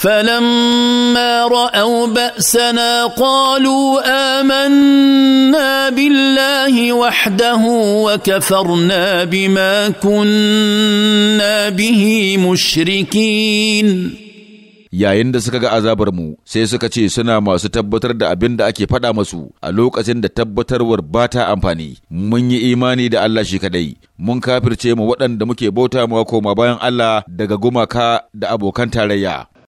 فلما راوا باسنا قالوا امنا بالله وحده وكفرنا بما كنا به مشركين yayin da suka ga azabarmu sai suka ce suna masu tabbatar da abin da ake faɗa masu a lokacin da tabbatarwar ba ta amfani mun yi imani da Allah shi kadai mun kafirce mu waɗanda muke bauta ma koma bayan Allah daga gumaka da abokan tarayya